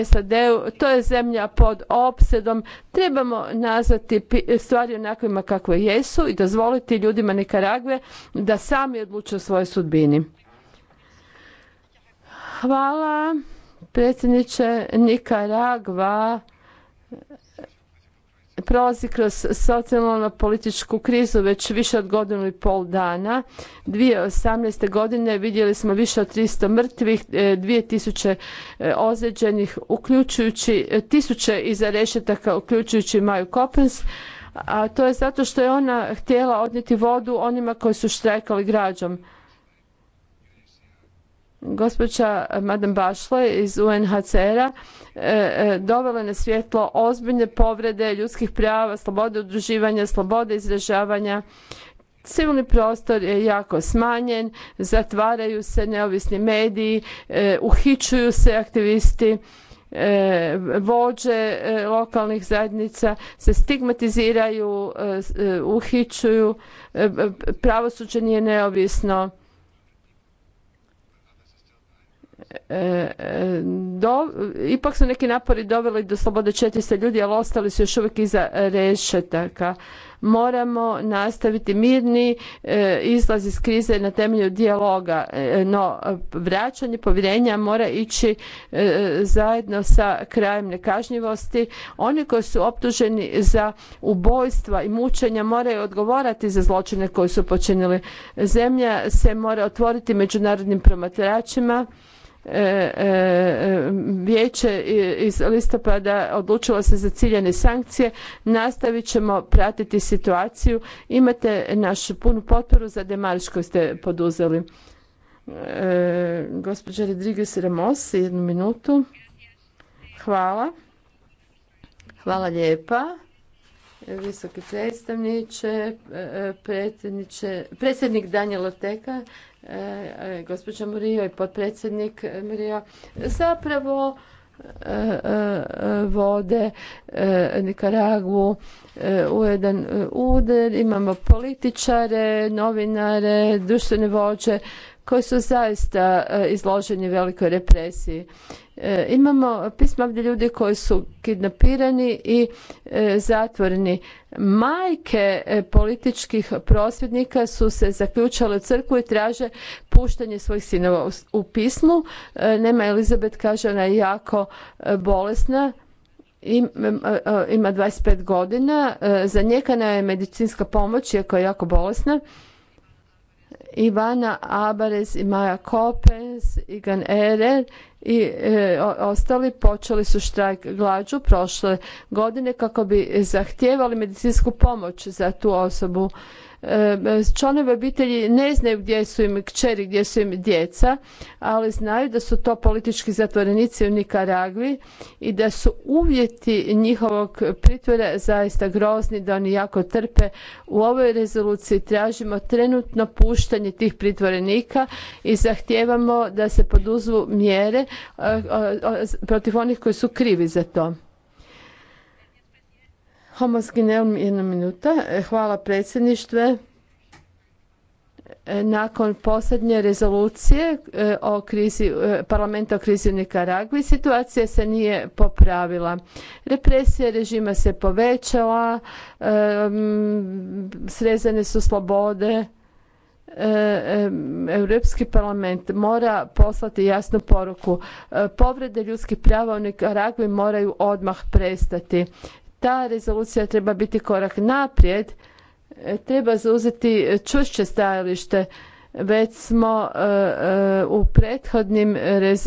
SAD-u. To je zemlja pod opsedom. Trebamo nazvati stvari onakvima kakve jesu i dozvoliti ljudima Nikaragve da sami odluče o svojoj sudbini. Hvala predsjedniče Nikaragva prolazi kroz socijalno političku krizu već više od godinu i pol dana. 2018. godine vidjeli smo više od 300 mrtvih, 2000 e, e, ozlijeđenih, uključujući e, tisuće iza rešetaka, uključujući Maju Kopens, a to je zato što je ona htjela odnijeti vodu onima koji su štrajkali građom gospođa Madame Bašle iz UNHCR-a e, e, dovela na svjetlo ozbiljne povrede ljudskih prava, slobode udruživanja, slobode izražavanja. Civilni prostor je jako smanjen, zatvaraju se neovisni mediji, e, uhićuju se aktivisti, vođe lokalnih zajednica se stigmatiziraju, uhićuju, pravosuđe nije neovisno E, e, do, ipak su neki napori doveli do slobode 400 ljudi, ali ostali su još uvijek iza rešetaka. Moramo nastaviti mirni e, izlaz iz krize na temelju dijaloga, no vraćanje povjerenja mora ići zajedno sa krajem nekažnjivosti. Oni koji su optuženi za ubojstva i mučenja moraju odgovarati za zločine koje su počinili. Zemlja se mora otvoriti međunarodnim promatračima E, e, vijeće iz listopada odlučilo se za ciljane sankcije. Nastavit ćemo pratiti situaciju. Imate našu punu potporu za demarš koju ste poduzeli. E, gospođa Rodriguez Ramos, jednu minutu. Hvala. Hvala lijepa. Visoki predstavniče, predsjednik Danijel Oteka, gospođa Murio i potpredsjednik Murio zapravo e, e, vode e, Nikaragu u jedan uder. Imamo političare, novinare, društvene vođe koji su zaista izloženi velikoj represiji. E, imamo pisma ovdje ljudi koji su kidnapirani i e, zatvoreni. Majke e, političkih prosvjednika su se zaključale u crkvu i traže puštanje svojih sinova u pismu. Nema Elizabet, kaže ona je jako bolesna, ima 25 godina, zanijekana je medicinska pomoć, iako je jako bolesna Ivana Abares i Maja Kopens, Gan Erer i e, ostali počeli su štrajk glađu prošle godine kako bi zahtijevali medicinsku pomoć za tu osobu. E, članovi obitelji ne znaju gdje su im kćeri, gdje su im djeca, ali znaju da su to politički zatvorenici u Nikaragvi i da su uvjeti njihovog pritvora zaista grozni, da oni jako trpe. U ovoj rezoluciji tražimo trenutno puštanje tih pritvorenika i zahtijevamo da se poduzmu mjere e, protiv onih koji su krivi za to jedna minuta. E, hvala predsjedništve. E, nakon posljednje rezolucije e, o krizi, parlamenta o krizi u Nikaragvi, situacija se nije popravila. Represija režima se povećala, srezane su slobode, Europski parlament mora poslati jasnu poruku. Povrede ljudskih prava u Nikaragvi moraju odmah prestati ta rezolucija treba biti korak naprijed, e, treba zauzeti čvršće stajalište. Već smo e, e, u prethodnim rezolucijama